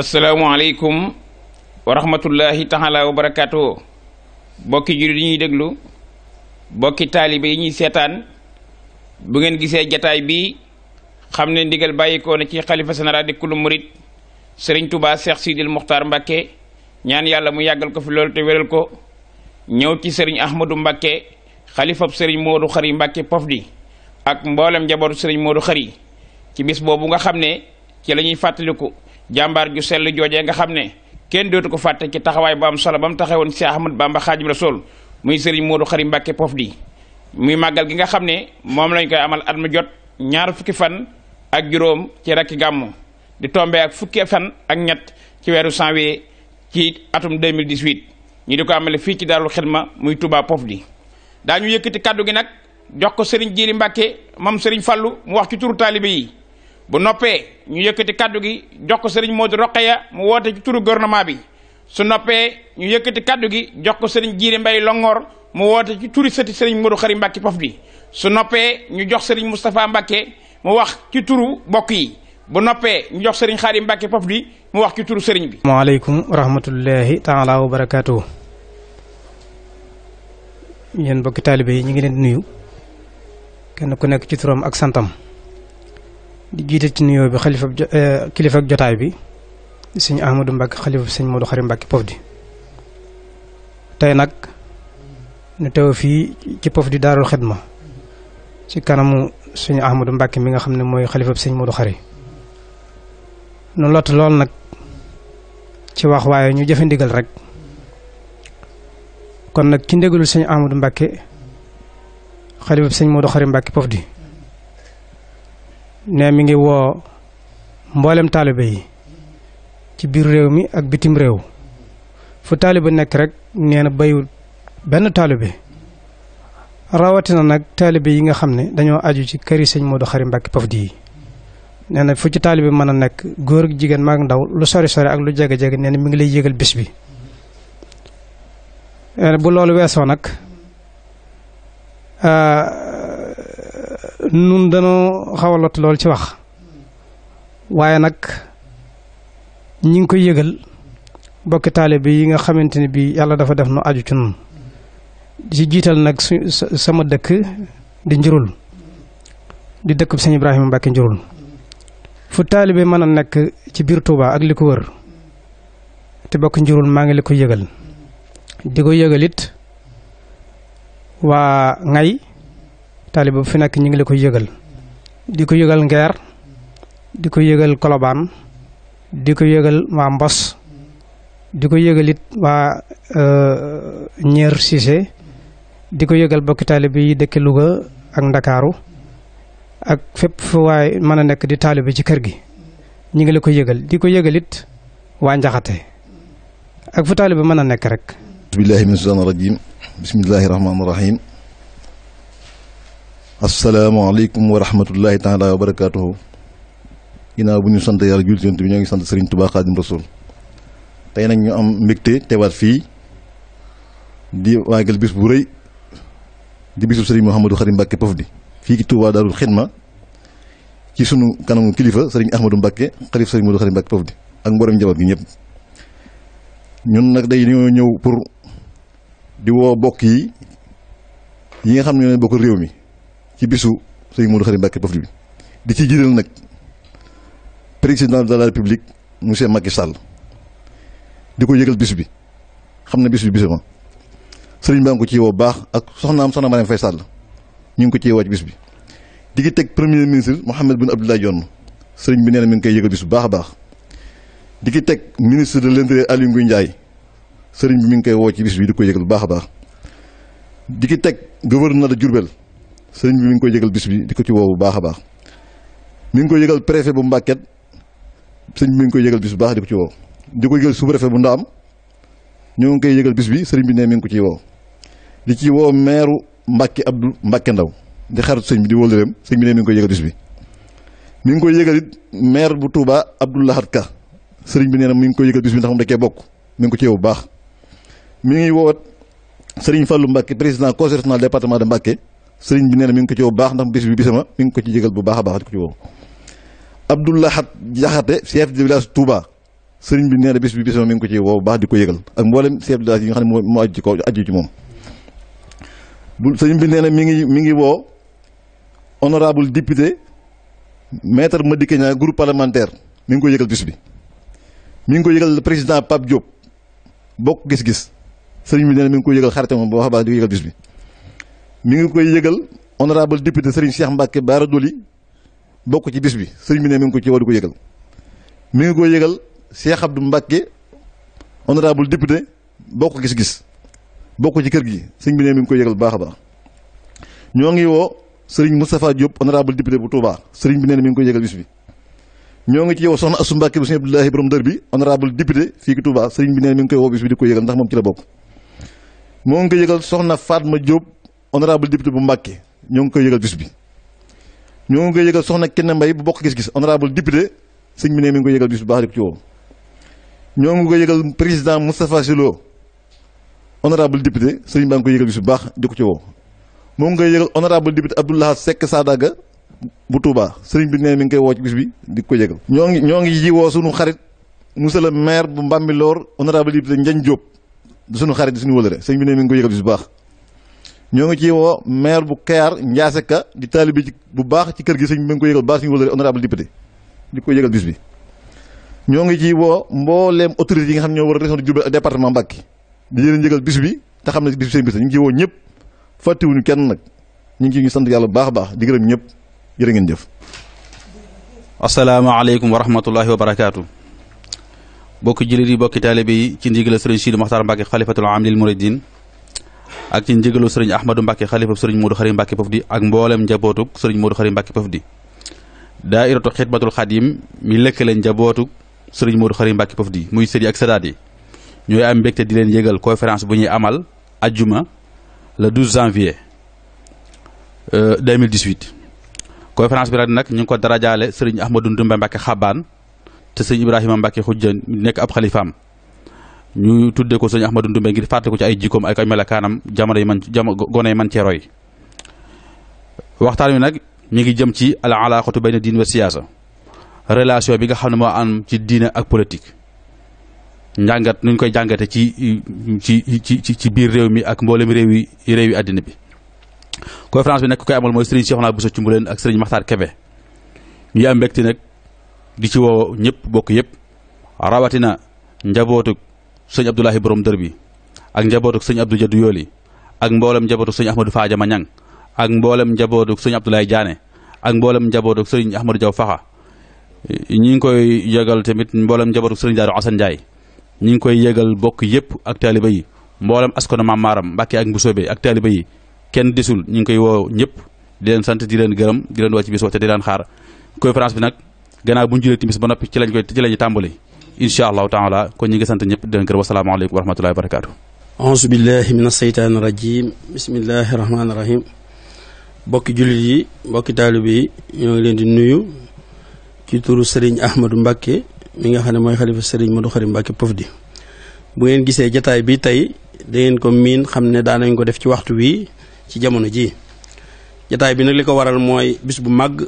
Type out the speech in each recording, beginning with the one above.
asalaamualeykum wa rahmatullahi taala wa barakaatu bokki juri di ñuy déglu bokki taalibe yi ñuy seetaan bu ngeen gisee jataay bi xam ne ndigal bàyyikoo na ci xalifa général di kullu murit sëriñ tubaa seex sidil muxtaar mbàkke ñaan yàlla mu yàggal ko fi loolu te wéral ko ñëw ci sëriñ ahmadu mbàkke xalifab sëriñ moodu xari mbàkke pof di ak mboolem njabootu sëriñ moodu xari ci bis boobu nga xam ne ci la fàttaliku jàmbaar ju sell joojee nga xam ne kenn dootu ko fàtte ci taxawaay bu am solo ba mu taxawoon si Ahmad Bamba Xaadimu sol muy sëriñ Modou Xari Mbàkke Pof di muy màggal gi nga xam ne moom lañ koy amal at mu jot ñaar fukki fan ak juróom ci rakki gàmmu di tombe ak fukki fan ak ñett ci weeru janvier ci atum 2018 ñu di ko amale fii ci Daarul Xidma muy Touba Pof di daañu yëkkati kàddu gi nag jox ko sëriñ Jiili Mbàkke moom sëriñ Fallu mu wax ci turu yi bu noppee ñu yëkkati kaddu gi jox ko sëriñ Modou Rokhaya mu woote ci turu gouvernement bi su noppee ñu yëkkati kaddu gi jox ko sëriñ Jiiri Mbay Longoor mu woote ci turu sëti sëriñ Modou Xari Mbàkke Pof bi su noppee ñu jox sëriñ Moustapha Mbàkke mu wax ci turu bokk yi bu noppee ñu jox sëriñ Xari Mbàkke Pof bi mu wax ci turu sëriñ bi. maaleykum wa rahmatullahi taala wa barakaatuhu. yéen mbokki taalibe yi ñu ngi leen nuyu kenn ku nekk ci turam ak santam. di jiite ci nuyoo bi xalifa eh, kilifa jotaay bi sëñ Ahmadou Mbacke xalifa sëñ Modou Xari Mbacke Pofdy tey nag ñu teew fii ci Pofdy Daarul xet ma ci kanamu sëñ Ahmadou Mbacke mi nga xam ne mooy xalifa sëñ Modou Xari nu lot lool nag ci wax waaye ñu jëfe ndigal rek kon nag ci ndigalul sëñ Ahmadou Mbacke xalifa sëñ Modou Xari Mbacke Pofdy ne mi ngi woo mboolem taalibe yi ci biir réew mi ak bitim réew fu taalibe nekk rek nee na bayu benn taalibe rawatina nag taalibe yi nga xam ne dañoo aju ci këri sëñ Modou Khary Mbacké Pofdy yi nee na fu ci taalibe mën a nekk góor ak jigéen mag ndaw lu sori sori ak lu jege jege nee mi ngi lay yëgal bis bi eh, bu loolu weesoo nag eh, nun danoo xaw a lot ci wax waaye nag ñi ngi koy yëgal bokki taalibe yi nga xamante ne bii yàlla dafa def nu aju ci nun di ci jiital nag su sama dëkk di njurul di dëkk bi sëñ Ibrahima Mbacke njurul fu taalibe mën a nekk ci biir Touba ak li ko wër te bokk njurul maa ngi li ko yëgal di ko yëgal it waa ngay taalibe bu fi nekk ñu ngi la ko yëgal di ko yëgal Ngeer di ko yëgal Kolobaan di ko yëgal waa Mbos di ko yëgal it waa Ñeer euh, Cissé di ko yëgal bokki taalibe yi dëkk Louga ak Ndakaaru ak fépp fu waay mën a nekk di taalibe ci kër gi ñu ngi la ko yëgal di ko yëgal it waa Njaxate ak fu taalibe mën a nekk rek. asalaamaaleykum wa rahmatullahi taala wa barakaatuhu ginnaaw bu ñu sant yàlla jullit yonent bi ñoo ngi sant Serigne Touba Xaadim Rasul tey nag ñu am mbégte teewaat fii di waagal bis bu rëy di bisu Serigne Mouhamadou Xadim Mbacke Pof di fii ci Touba Darou Khidma ci sunu kanamu kilifa Serigne Ahmadou Mbacke xalif Serigne Modou Xadim Mbacke ak mboolem njaboot gi ñëpp ñun nag day ñoo ñëw pour di woo bokk yi yi nga xam ne ñoo bokk réew mi. ci bisu sëñ Modou Khary Mbacké Bafdi bi di ci jiital nag président de la république monsieur Macky Sall di ko yëgal bis bi xam na bis bi ma sëriñ baa ngi ko ci woo baax ak soxnaam soxna Marième Faye Sall ñu ngi ko ci woo ci bis bi di ngi teg premier ministre Mahammed Boun Abdallah Dionne sëriñ bi nee mi ngi koy yëgal bis bu baax a baax di ki teg ministre de l'intérieur Aly Ngouille Ndiaye sëriñ bi mi ngi koy woo ci bis bi di ko yëgal bu baax a baax di ki teg na de Diourbel sëriñ bi mi ngi koy yëgal bis bi di ko ci woo bu baax baax mi ngi koy yëgal préfet bu Mbàkket sëriñ bi mi ngi koy yëgal bis bu baax di ci woo di ko yëgal sous bu Ndaam ñoo ngi koy yëgal bis bi sëriñ bi ne mi ngi ko ciy woo di ci woo meeru Mbàkke Abdou Mbàkke Ndaw di xaritu sëñ bi di wóolureem sëñ bi mi ngi koy yëgal bis bi mi ngi koy yëgal it maire bu Touba Abdou Lahad Ka sëriñ bi nee na mi ngi koy yëgal bis bi ndax moom da bokk mi ngi ko ci woo bu baax mu ngi woowat sëriñ Fallou Mbàkke président conseil régional département de Mbàkke sëriñ bi nee mi ngi ko ci woo bu baax ndax bis bi bisama mi ngi ko ci jégal bu baax a baax di ko ci woo Abdou Lahad Jaxate chef de village Touba sëriñ bi nee bis bi bisama mi ngi ko ci woo bu baax di ko yëgal ak mboolem chef de village yi nga xam ne moo aju ci moom sëriñ bi nee na mi ngi mi ngi woo honorable député maître Madické Niang groupe parlementaire mi ngi ko yëgal bis bi mi ngi ko yëgal président Pape Diop bokk gis-gis sëriñ bi nee na ngi ko yëgal xaritam bu bi mi ngi koy yëgal honorable député Serigne Cheikh Mbacke Bara Doli bokk ci bis bi sëriñ bi ne mi ngi ko ci war di ko yëgal mi ngi koy yëgal Cheikh Abdou Mbacke gis-gis bokk ci kër gi sëriñ bi mi ngi koy yëgal bu baax a baax ñoo ngi woo sëriñ Moustapha Diop honorable député bu Touba sëriñ bi ne mi ngi koy yëgal bis bi. ñoo ngi ci yow soxna su Mbacke bu sëriñ Abdoulahi borom dër bi honorable député fii ki Touba sëriñ bi ne mi ngi koy woo bis bi di ko yëgal ndax moom ci la bokk moo ngi koy yëgal soxna Fatma Diop. honorable député bu Mbàkke ñoo ngi koy yëgal bis bi ñoo ngi koy yëgal soxna Kine Mbaye bu bokk gis-gis honorable député sëñ bi ne mi ngi koy yëgal bis bu baax ñoo ngi koy yëgal président Moustapha Silo honorable sëñ baa ngi bu baax di ko ci woo moo ngi koy yëgal honorable député Abdoulaye Seck Sadaga bu Touba sëriñ bi nee mi ngi koy woo ci bis bi di ko yëgal. ñoo ngi ñoo ngi yiwoo sunu xarit monsieur le maire bu Mbambilor honorable député Ndiagne Diop di sunu xarit di sunu wëlëre sëriñ bi nee mi ngi koy yëgal bis bu baax. ñoo ngi ci woo maire bu Kayar Ndiasse Ka di taalibe bu baax ci kër gi sëñ bi ngi ko yëgal baax suñu wëlëre honorable député di ko yëgal bis bi ñoo ngi ci woo mbooleem autorités yi nga xam ñoo war a région de Diourbel département Mbacké di leen bis bi te xam ne bis bi seen ngi ci woo ñëpp fàttewuñu kenn nag ñu ngi ci sant yàlla bu baax a baax di gërëm ñëpp jërë ngeen jëf asalaamaaleykum wa rahmatullahi wa barakaatu bokki jullit yi bokki taalibe yi ci ndigal Sëriñ Sidi Maxtaar Mbacké xalifatul am lil muridin ak ci njëgalu sëriñ Ahmadou Mbacke xalifa sëriñ Modou Xari Mbacke Pofdy ak mboolem njabootuk sëriñ Modou Xari Mbacke Pofdy daairatu xidmatul xadim mi lëkkale njabootuk sëriñ Modou Xari Mbacke Pofdy muy sëriñ ak sadaat yi ñooy am mbégte di leen yëgal conférence bu ñuy amal ajjuma le 12 janvier 2018 euh, conférence bi nag ñu ngi ko darajaale sëriñ Ahmadou Ndumbe Mbacke Xabaan te sëriñ Ibrahima Mbacke Xujja nekk ab xalifaam ñu tuddee ko sëñ Ahmadou Ndoumbé ngir fàtte ko ci ay jikkoom ak ay melakaanam jamono yi man jam gone man cee waxtaan wi nag ñu ngi jëm ci al alaaqatu bayna diin wa relation bi nga xam ne moo ci diine ak politique njàngat nuñ koy jàngate ci ci ci ci biir réew mi ak mboolem réew yi réew yi àddina bi conférence bi nag ku koy amal mooy sëriñ Cheikhouna Bousso Cumbuleen ak sëriñ Maxtaar Kebe ñu am mbégte nag di ci woo ñëpp bokk yëpp rawatina njabootu sëñ Abdoulahi borom dër bi ak njabootuk sëñ Abdou Jaddu Yooli ak mboolem njabootuk sëñ Ahmadou Faaja Mañang ak mboolem njabootuk sëñ Abdoulaye Diané ak mboolem njabootuk sëñ Ahmadou Diaw Faxa ñi ngi koy yëgal tamit mboolem njabootuk sëñ Daaru Asan Njaay ñi ngi koy yëgal bokk yëpp ak taaliba yi mboolem askanu Maam Maaram Mbàkke ak Mbusoobe ak taaliba yi kenn desul ñi ngi koy woo ñëpp di leen sant di leen gërëm di leen wàcc bis waxte di leen xaar conférence bi nag gannaaw bu ñu timis ba noppi ci lañ koy ci lañu tàmbali incha allahu taala ko ñi ngi sant ñëpp di leen gërëm wasalaamaaleykum wa rahmatullahi wa barakaatu auzu billahi min aseytaani bismillahi rahmaani rahim mbokki jullit yi mbokki taalibe yi ñoo ngi leen di nuyu ci turu Serigne Ahmadou Mbacke mi nga xam ne mooy xalifa Serigne Modou Khari Mbacke Pof di bu ngeen gisee jataay tey da ko miin xam ne daanañ ko def ci waxtu wi ci jamono ji jataay bi nag li ko waral mooy bis bu mag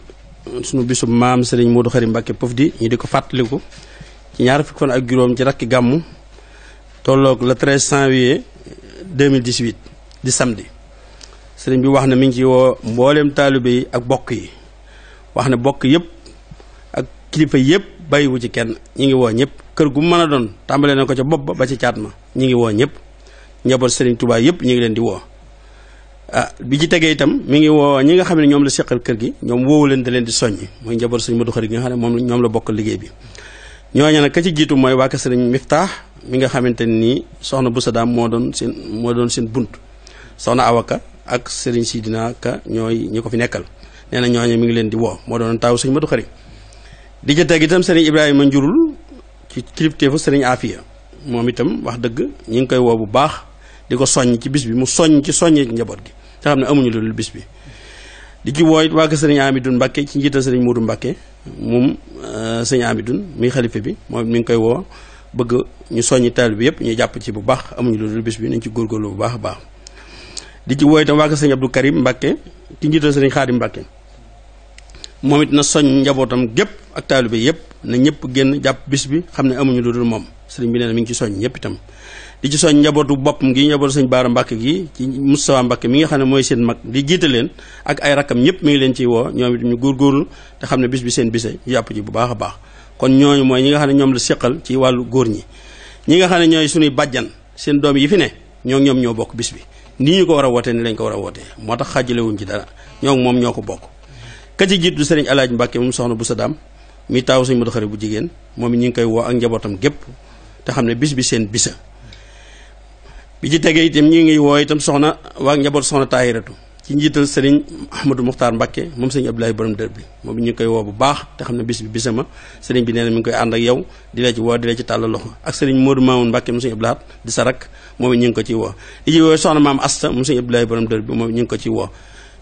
sunu bisu maam Serigne Modou Khari Mbacke Pof di ñu di ko fàttaliku ci ñaar fukki fan ak juróom ci rakki gàmmu tolloog le 13 janvier 2018 di samedi sëriñ bi wax na mi ngi ci woo mbooleem taalibe yi ak bokk yi wax ne bokk yëpp ak kilifa yëpp bàyyiwu ci kenn ñi ngi woo ñëpp kër gu mën a doon tàmbale na ko ca bopp ba ci caat ma ñi ngi woo ñëpp njaboot sëriñ Tuubaa yëpp ñu ngi leen di woo ah bi ci tegee itam mi ngi woo ñi nga xam ne ñoom la seqal kër gi ñoom woowu leen da leen di soññ mooy njaboot sëriñ Modu Xari gi nga xam ne moom ñoom la bokk liggéey bi ñooñu na ka ci jiitu mooy waa kër sëriñ Miftaax mi nga xamante ni soxna bu Dam moo doon seen moo doon seen bunt soxna Awaka ak sëriñ Sidina Ka ñooy ñi ko fi nekkal nee na ñooñu mi ngi leen di woo moo doon taaw sëñ Madu Xari di jëte gi itam sëriñ Ibrahima Njurul ci kilifteefu sëriñ Afia moom itam wax dëgg ñi ngi koy woo bu baax di ko soñ ci bis bi mu soñ ci soñe njaboot gi te xam ne amuñu lu dul bis bi di ci woo it waa kër sëriñ Amidoune Mbacke ci njiital sëriñ Modou Mbacke moom euh, sëriñ du muy xalife bi moom mi ngi koy woo bëgg ñu soññi taal bi yëpp ñu jàpp ci bu baax amuñu lu dul bis bi nañ ci góorgóorlu bu baax a baax di ci woo itam waa kër sëriñ Abdou Karim Mbacke ci sëriñ Xaadim Mbacke moom na soñ njabootam gépp ak taalibe yëpp na ñëpp génn jàpp bis bi xam ne amuñu lu dul moom sëriñ bi nee na mi ngi ci soññ ñëpp itam di ci soñ njabootu boppam gi njabootu sëñ Baara Mbàkke gi ci Moustapha Mbàkke mi nga xam ne mooy seen mag di jiite leen ak ay rakkam ñëpp mu ngi leen ciy woo ñoom it ñu góorgóorlu te xam ne bis bi seen bise ñu ji bu baax a baax kon ñooñu mooy ñi nga xam ne ñoom la seqal ci wàllu góor ñi ñi nga ne ñooy suñuy bàjjan seen doom yi fi ne ñoo ñoom ñoo bokk bis bi nii ñu ko war a wootee ni lañ ko war a wootee moo tax xaajalewuñ ci dara ñoo moom ñoo ko bokk ka ci jiitu sëriñ Alaaji Mbàkke moom soxna bu sa daam mi taaw sëñ Modu Xari bu jigéen moom ñu ngi koy woo ak njabootam gépp te xam ne bis bi seen bisa bi ci tegee itam ñi ngi woo itam soxna waa njaboot soxna taahiratu ci njiital sëriñ Ahmadou Muxtaar Mbakke moom sëriñ Abdoulaye borom dër bi moom ñu koy woo bu baax te xam ne bis bi bisama sëriñ bi nee na mi ngi koy ànd ak yow woo di la ci ak sëriñ Modou Mamoun Mbakke moom sëriñ Abdoulaye sa rak moom ñu ngi ko ciy woo di ci woo soxna maam Asta moom sëriñ Abdoulaye borom dër bi ñu ngi ko ciy woo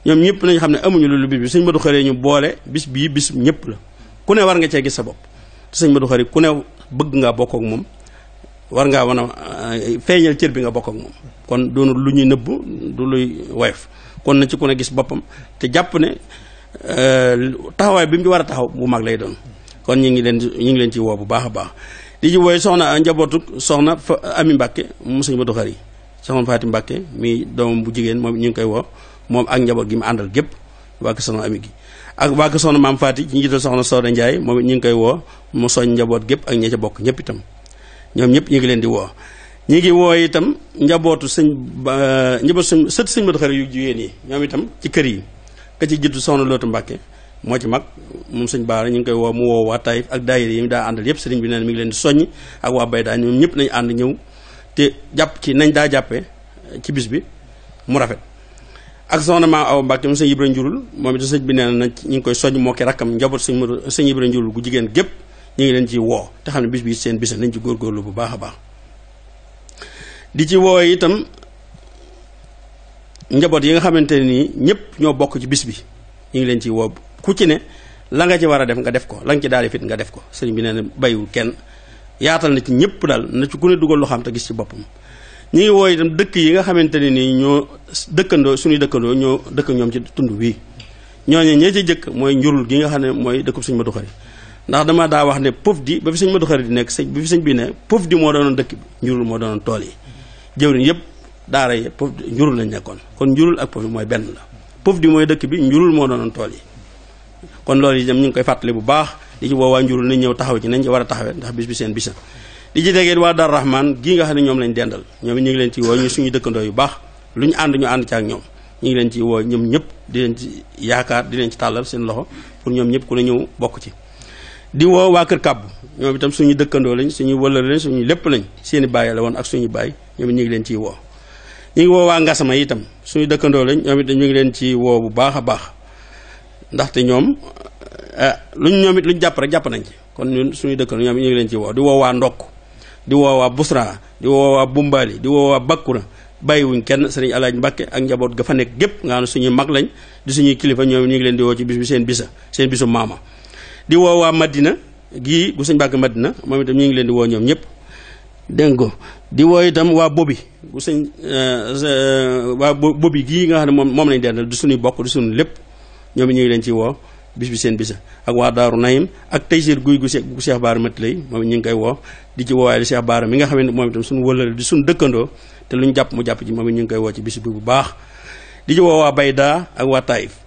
ñoom ñëpp nañ xam ne amuñu loolu bis bi sëriñ Modou Xëri ñu boole bis bii bis ñëpp la ku ne war nga cee gis sa bopp te sëriñ Modou Xëri ku ne bëgg ngaa bokk ak moom war ngaa mën a eh, feeñal cër bi nga bokk moom kon doonul lu ñuy nëbb du luy woyof kon na ci ku ne gis boppam te jàpp ne eh, taxawaay bi mu war a taxaw bu mag lay doon kon ñu ngi leen ñu ngi leen ci woo bu baax a baax li ci wooy soxna eh, njabootu soxna Ami Mbàkke mu sëñ Modou Khari soxna Faati Mbàkke mii doomam bu jigéen moom ñu ngi koy woo moom ak njaboot gi mu àndal gépp waa ko Ami ak waa ko soxna Maam Faati ci njiital soxna Soda Ndiaye moom it ñu ngi koy woo mu soñ njaboot gépp ak ña ca bokk ñëpp itam ñoom ñëpp ñu ngi leen di woo ñu ngi woo itam njabootu sëñ njabootu sëñ sët sëñ Modou Khary yu jigéen yi ñoom itam ci kër yi ka ci jiitu soxna Lootu Mbàkke moo ci mag moom sëñ Baara ñu ngi koy woo mu woo waa ak daayira yi mu daa àndal yëpp sëriñ bi neen mi ngi leen di soññ ak waa Bayda ñoom ñëpp nañ ànd ñëw te jàpp ci nañ daa jàppee ci bis bi mu rafet ak soxna maa aw Mbàkke moom sëñ Ibra Njurul moom itam sëñ bi nee na ñu ngi koy soññ moo ki rakkam njaboot sëñ Modou sëñ Ibra Njurul gu jigéen gépp ñu ngi leen ci woo te xam ne bis bi seen bis nañ ci góorgóorlu bu baax a baax di ci woo itam njaboot yi nga xamante nii ñëpp ñoo bokk ci bis bi ñu ngi leen woo ku ci la nga ci war a def nga def ko la nga ci daal di nga def ko sëriñ bi nee na bayiwul kenn yaatal na ci ñëpp daal na ci ku ne dugal loo xam te gis ci boppam ñu ngi woo itam dëkk yi nga xamante ne nii ñoo dëkkandoo suñuy dëkkandoo ñoo dëkk ñoom ci tund wii ñooñu ñee ci jëkk mooy njurul gi nga xam ne mooy dëkkub suñu madu xari ndax dama daa wax ne pof di ba fi sëñ Modou Khari di nekk sëñ bi fi sëñ bi ne pof di moo doonoon dëkk bi njurul moo doonoon tool yi jëwriñ yëpp daara yi pof njurul lañ nekkoon kon njurul ak pof di mooy benn la pof mooy dëkk bi njurul moo doonoon tool yi kon loolu yi dem ñu ngi koy fàttali bu baax di woowaa njurul nañ ñëw taxaw ci nañ war a taxawee ndax bis bi seen bisa di ci déggee waa Dar Rahman gii nga xam ne ñoom lañ dendal ñoom ñu ngi leen ci woo ñu suñu dëkkandoo yu baax lu ñu ànd ñu ànd ci ak ñoom ñu ngi leen ci woo ñoom ñëpp di leen ci yaakaar di leen ci tàllal seen loxo pour ñoom ñëpp ku ne ñëw bokk ci di woo Kër kàbb ñoom itam suñu dëkkandoo lañ suñu wëllëre lañ suñu lépp lañ seeni i bàyyi la woon ak suñu bàyyi ñoom it ñu ngi leen ciy woo ñu ngi woo waa itam suñu dëkkandoo lañ ñoom it ñu ngi leen ci woo bu baax a baax ndaxte ñoom eh, luñ ñoom it luñ jàpp rek jàpp nañ ci kon ñun suñu dëkkandoo ñoom it ñu ngi leen ciy woo di woo waa Ndokk di woo waa Busra di woo waa Bumbali di woo waa Bakkuna bàyyiwuñ kenn sëriñ Alaaji Mbàkke ak njaboot ga fa nekk gépp nga xam ne mag lañ di suñuy kilifa ñoom ñu ngi leen di woo ci bis bi seen bisa seen bisu maama di woo waa Madina gii bu sëñ Mbàkke Madina moom itam ñu ngi leen di woo ñoom ñëpp dégg nga di woo itam waa bobi bu sëñ euh, euh, waa bobi gii nga xam ne moom moom lañ dendal du suñuy bokk du suñu lépp ñoom ñu ngi leen ci woo bis bi seen bisa ak waa daaru nayim ak taysir guy gu se gu Cheikh Baara Mati lay moom ñu ngi koy woo di ci woowaay li Cheikh Baara mi nga xam ne moom itam suñu wëlal di suñu dëkkandoo te lu ñu jàpp mu jàpp ci moom ñu ngi koy woo ci bis bi bu baax di ci woo waa Bayda ak waa Taïf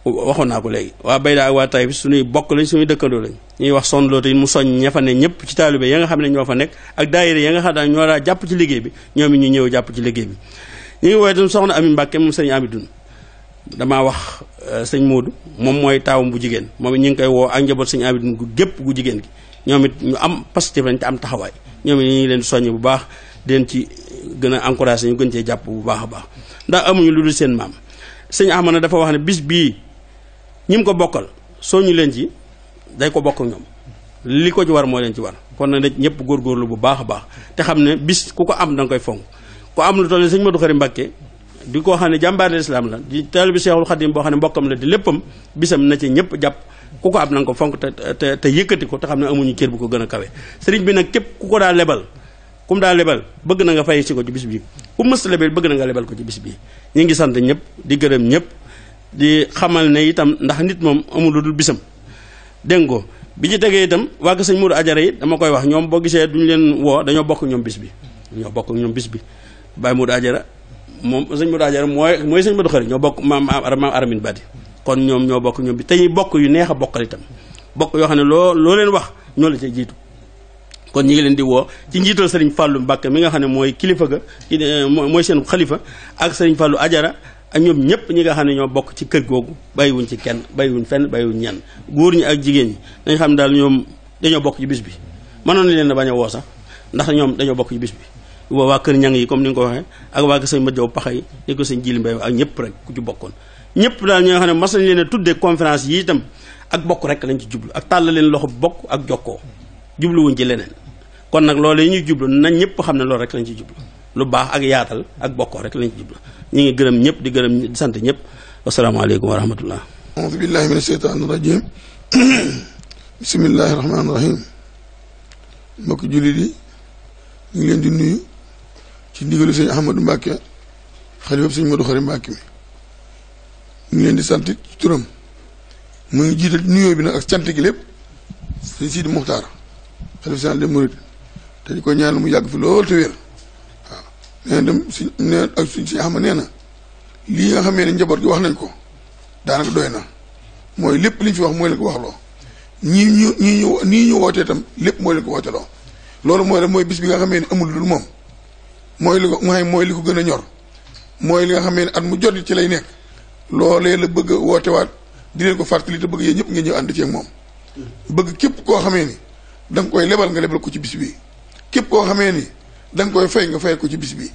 waxoon naa ko léegi waa Bayda ak waa Taïf suñuy bokk lañ suñuy dëkkandoo lañ ñuy wax son loote mu soñ ña fa ne ne ñoo fa nekk ak daayira ya nga xam ne ñoo daa jàpp ci liggéey bi ñoom it ñu ñëw jàpp ci liggéey bi ñu ngi damaa wax euh, sëñ Moodu moom mooy taawam bu jigéen moom ñu ngi koy woo ak njaboot sëñ Amidun gu gépp gu jigéen gi ñoom it ñu am positif lañ te am taxawaay ñoom it ñu leen soññ bu baax di ci gën a encouragé ñu gën cee jàpp bu baax a baax ndax amuñu lu dul seen maam sëñ Ahmad dafa wax ne bis bii ñi mu ko bokkal soo ñu leen ci day ko bokk ñoom li ko ci war moo leen ci war kon na nag ñëpp góorgóorlu bu baax a baax te xam ne bis ku ko am da nga koy fonk ku am lu toll ne sëñ Modou Khary Mbacké di koo xam ne jàmbaar lislaam la di taalibe Seexul Xadim boo xam ne mbokkam la di léppam na ñëpp jàpp ku ko am na ko fonk te te te yëkkati ko te xam ne amuñu cër bu ko gën a kawe sëriñ bi nag képp ku ko daa lebal ku daa lebal bëgg na nga fay si ko ci bis bii ku mës lebal bëgg na nga lebal ko ci bis bii ñu ngi sant ñëpp di gërëm ñëpp di xamal ne itam ndax nit moom amul lu dul bisam dégg ko bi ci tegee itam waa sëñ Mourou Ajara yi dama koy wax ñoom boo gisee duñu leen woo dañoo bokk ñoom bis bi ñoo bokk ñoom bis bi Baye Mourou Ajara moom sëñ Mourou Ajara mooy mooy sëñ Mourou Xari ñoo bokk maam maam Aramin Badi kon ñoom ñoo bokk bi te ñuy bokk yu neex a bokkal itam bokk yoo xam ne loo loo leen wax ñoo la cay jiitu kon ñu ngi leen di woo ci njiital sëriñ fàllu Mbacke mi nga xam ne mooy kilifa ga eh, mooy seen xalifa ak sëriñ Fallou Ajara ak ñoom ñëpp ñi nga xam ne ñoo bokk ci kër googu bàyyiwuñ ci kenn bay wuñ fenn bay bàyyiwuñ ñan góor ñi ak jigéen ñi dañ xam ne daal ñoom dañoo bokk ci bis bi mënoon nañ leen bañ a woo sax ndax ñoom dañoo bokk ci bis bi bo waa kër ñang yi comme ni nga ko waxee ak waa kër sëñ ma jow paxa yi mbay ak ñëpp rek ku ci bokkoon ñëpp daal ñi nga ne mas nañ leen a tuddee conférence yi itam ak bokk rek lañ ci jublu ak tàll leen loxo bokk ak jokkoo jubluwuñ ci leneen kon nag loolu yi ñuy jublu nañ ñëpp xam ne loolu rek lañ ci jublu lu baax ak yaatal ak bokkoo rek lañ ci jublu ñu ngi gërëm ñëpp di gërëm di sant ñëpp wasalaamaaleykum wa rahmatullah aoudu billahi min asheytaan rajim bismillahi rahmaani mbokki jullit yi ñu leen di nuyu ci ndigalu sëñ Ahmadou Mbàkke xalifa sëñ Modou Xari Mbàkke mi ñu ngi leen di sant ci turam mu ngi jiital nuyoo bi nag ak cant gi lépp sëñ Sidi Muxtaar xalifa sëñ Murid te di ko ñaan mu yàgg fi loolu te nee dem si nee ak suñ si xam nee na lii nga xamee ne njaboot gi wax nañ ko daanaka doy na mooy lépp liñ fi wax mooy leen ko waxloo ñii ñu ñii ñu nii ñu wootee itam lépp mooy leen ko wooteloo loolu mooy mooy bis bi nga xamee ne amul dul moom mooy li ko mooy li ko gën a ñor mooy li nga xamee ne at mu jot ci lay nekk loolee la bëgg a wootewaat di leen ko fàttali te bëgg yéen ñëpp ngeen ñëw ànd ceeg moom bëgg képp koo xamee ni da nga koy lebal nga lebal ko ci bis bi képp koo xamee ni danga koy fay nga fay ko ci bis bi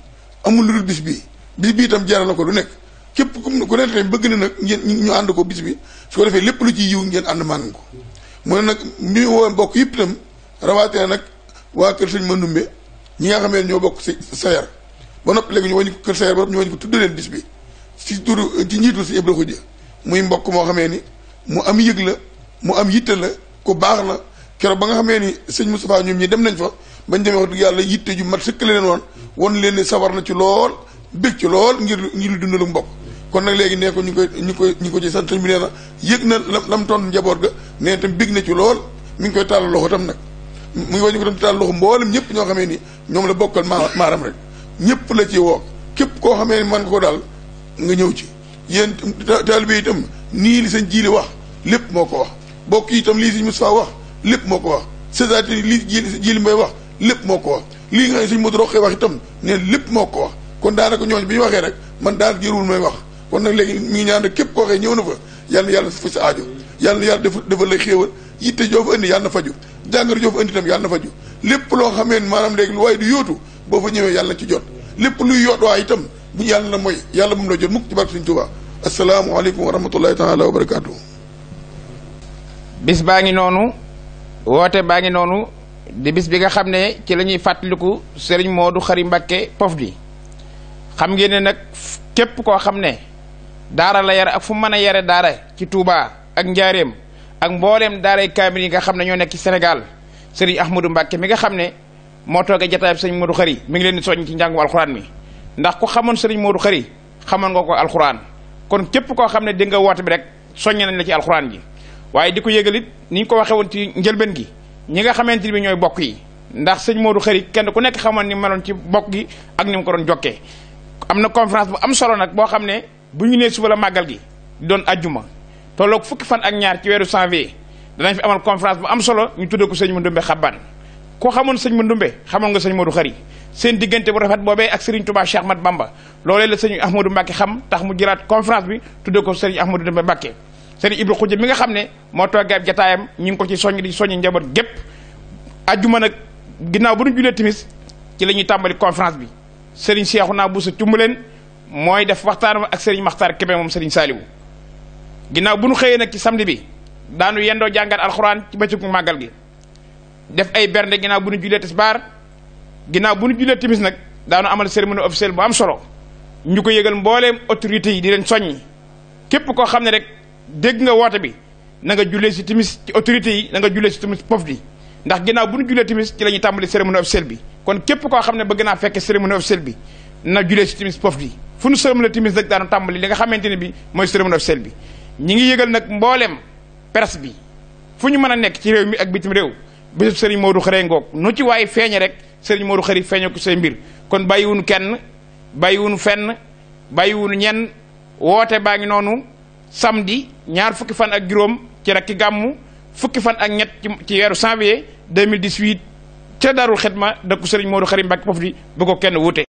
amul lu dul bis bi bis bi itam jaral la ko lu nekk képp ku ne tamit bëgg na nag ngeen ñu ànd ko bis bi su ko defee lépp lu ci yiw ngeen ànd màng ko mu ne nag mi woon mbokk yëpp itam rawatina nag waa kër sëñ Mandoumbe ñi nga xamee ne ñoo bokk si sayar ba noppi léegi ñu wañu ko kër sayar ba noppi ñu wañu ko tudd leen bis bi si turu ci njiitul si Ibra Xuja muy mbokk moo xamee ni mu am yëg la mu am yitte la ku baax la keroog ba nga xamee ni sëñ Moustapha ñoom ñi dem nañ fa bañ demee wax dëgg yàlla yitte ju mat sëkkale leen woon won leen ni sawar na ci lool bég ci lool ngir ngir dund lu mbokk kon nag léegi nee ko ñu koy ñu koy ñu ko ci sant bi nee na yëg na la la mu njaboot ga nee tam bég na ci lool mi ngi koy tàllal loxo tam nag mu ngi koy ñu ko doon tàllal loxo mboolem ñëpp ñoo xamee ni ñoom la bokkal maaram rek ñëpp la ci woo képp koo xamee ni man koo daal nga ñëw ci yéen taalibe itam nii li seen jiili wax lépp moo ko wax bokk itam lii sëñ Moustapha wax lépp moo ko wax c'est-à-dire lii jiili jiili mbay wax lépp moo ko wax lii nga ne suñ moto roqee wax itam ne lépp moo ko wax kon daanaka ñooñ bi ñu waxee rek man daanaka jërul may wax kon nag léegi mi ngi ñaan rek képp koo ñëw na fa yàlla na yàlla fa sa yàlla na yàlla def defal la xéewal yitte joo fa indi yàlla na faju jàngoro joo fa indi itam yàlla na faju lépp loo xamee maanaam léegi lu waaye du yóotu boo fa ñëwee yàlla na ci jot lépp luy yoot waa itam bu ñu yàlla la mooy yàlla moom la jot mukk ci barke Sëñ Tuubaa asalaamualeykum wa rahmatullahi taala wa barakaatu bis baa ngi noonu woote baa ngi noonu di bis bi nga xam ne ci la ñuy fàttaliku Serigne Modou xari Mbacké pof di xam ngeen ne nag képp koo xam ne daara la yare ak fu mën a yare daara ci Touba ak Njaareem ak mbooleem daaray kaamil yi nga xam ne ñoo nekk ci Sénégal Serigne Ahmadou Mbacké mi nga xam ne moo toogee jataay Serigne Modou Khary mi ngi leen di soññ ci njàngum alxuraan mi ndax ku xamoon Serigne Modou Khary xamoon nga ko alxuraan kon képp koo xam ne di nga woote bi rek soññ nañ la ci alxuraan ji waaye di ko yëgalit ni ko waxee ci njëlbeen gi ñi nga xamante ni bi ñooy bokk yi ndax sëñ Modou Khari kenn ku nekk xamoon ni meloon ci bokk gi ak ni mu ko doon jokkee am na conférence bu am solo nag boo xam ne bu ñu nee suba la màggal gi doon ajjuma tolloog fukki fan ak ñaar ci weeru janvier danañ fi amal conférence bu am solo ñu tuddee ko sëñ Mandumbe Xabbaan koo xamoon sëñ Mandumbe xamoon nga sëñ Modou Khari seen diggante bu rafet boobee ak Serigne Touba Cheikh Mat Bamba loolee la sëñ Ahmadou Mbacke xam tax mu jëlaat conférence bi tuddee ko sëñ Ahmadou Mbacke sëriñ Ibra Xuuja mi nga xam ne moo toogee ab jataayam ñu ngi ko ci soññ di soññ njaboot gépp ajjuma nag ginnaaw bu ñu julee timis ci la ñuy tàmbali conférence bi sëriñ Seexuna Buso Cumbuleen mooy def waxtaan ak sëriñ Maxtaar Kebe moom sëriñ Saaliwu ginnaaw bu nu xëyee nag ci samedi bi daanu yendoo jàngat alxuraan ci bëccëgu màggal gi def ay bernde ginnaaw bu ñu julee tisbaar ginnaaw bu ñu julee timis nag daanu amal cérémonie officielle bu am solo ñu ko yëgal mbooleem autorités yi di leen soññi képp koo xam ne rek dégg nga woote bi na nga jullee si timis ci autorité yi na nga jullee si timis pof di ndax ginnaaw bu ñu jullee timis ci la ñuy tàmbali cérémonie officielle bi kon képp koo xam ne bëgg naa fekke cérémonie officielle bi na jullee si timis pof di fu ñu cérémonie timis nag daanu tàmbali li nga xamante ne bi mooy cérémonie officielle bi ñi ngi yëgal nag mbooleem presse bi fu ñu mën a nekk ci réew mi ak bitim réew bésub sëriñ Modou Xëre ngoog nu ci waay feeñe rek sëriñ Modou Xëri feeñe ko say mbir kon bàyyiwunu kenn bàyyiwunu fenn bàyyiwunu ñenn woote baa ngi noonu samedi ñaar fukki fan ak juróom ci rakki gàmmu fukki fan ak ñett ci weeru janvier 2018 ca Daarul Xidma dëkku Serigne Modou Khary Mbacké Pofdy bu ko kenn wuute